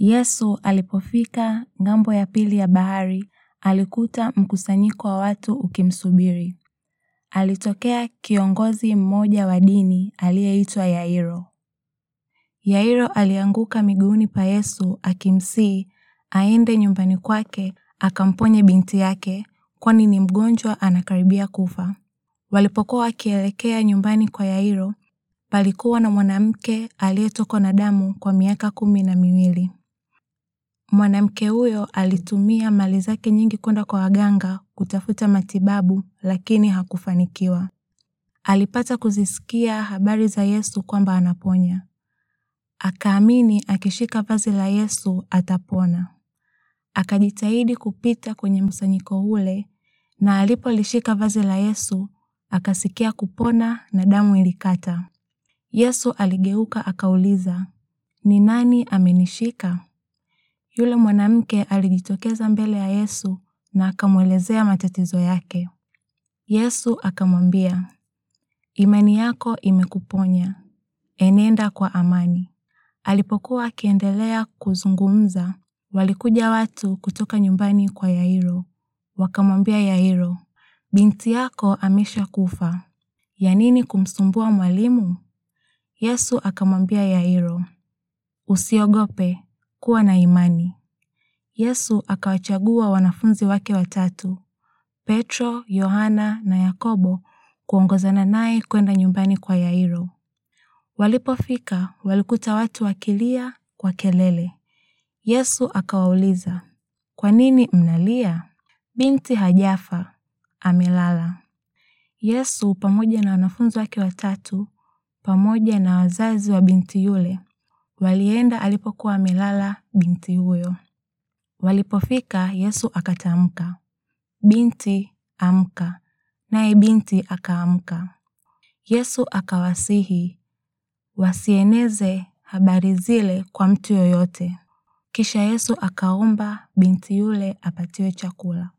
Yesu alipofika ng'ambo ya pili ya bahari, alikuta mkusanyiko wa watu ukimsubiri. Alitokea kiongozi mmoja wa dini aliyeitwa Yairo. Yairo alianguka miguuni pa Yesu akimsii aende nyumbani kwake akamponye binti yake, kwani ni mgonjwa anakaribia kufa. Walipokuwa wakielekea nyumbani kwa Yairo, palikuwa na mwanamke aliyetokwa na damu kwa miaka kumi na miwili. Mwanamke huyo alitumia mali zake nyingi kwenda kwa waganga kutafuta matibabu lakini hakufanikiwa. Alipata kuzisikia habari za Yesu kwamba anaponya. Akaamini akishika vazi la Yesu atapona. Akajitahidi kupita kwenye mkusanyiko ule na alipolishika vazi la Yesu akasikia kupona na damu ilikata. Yesu aligeuka akauliza, "Ni nani amenishika?" Yule mwanamke alijitokeza mbele ya Yesu na akamwelezea matatizo yake. Yesu akamwambia, imani yako imekuponya, enenda kwa amani. Alipokuwa akiendelea kuzungumza, walikuja watu kutoka nyumbani kwa Yairo, wakamwambia Yairo, binti yako ameshakufa, ya nini kumsumbua mwalimu? Yesu akamwambia Yairo, usiogope, kuwa na imani. Yesu akawachagua wanafunzi wake watatu, Petro, Yohana na Yakobo kuongozana naye kwenda nyumbani kwa Yairo. Walipofika, walikuta watu wakilia kwa kelele. Yesu akawauliza, "Kwa nini mnalia? Binti hajafa, amelala." Yesu pamoja na wanafunzi wake watatu pamoja na wazazi wa binti yule Walienda alipokuwa amelala binti huyo. Walipofika, Yesu akatamka, binti amka, naye binti akaamka. Yesu akawasihi wasieneze habari zile kwa mtu yoyote. Kisha Yesu akaomba binti yule apatiwe chakula.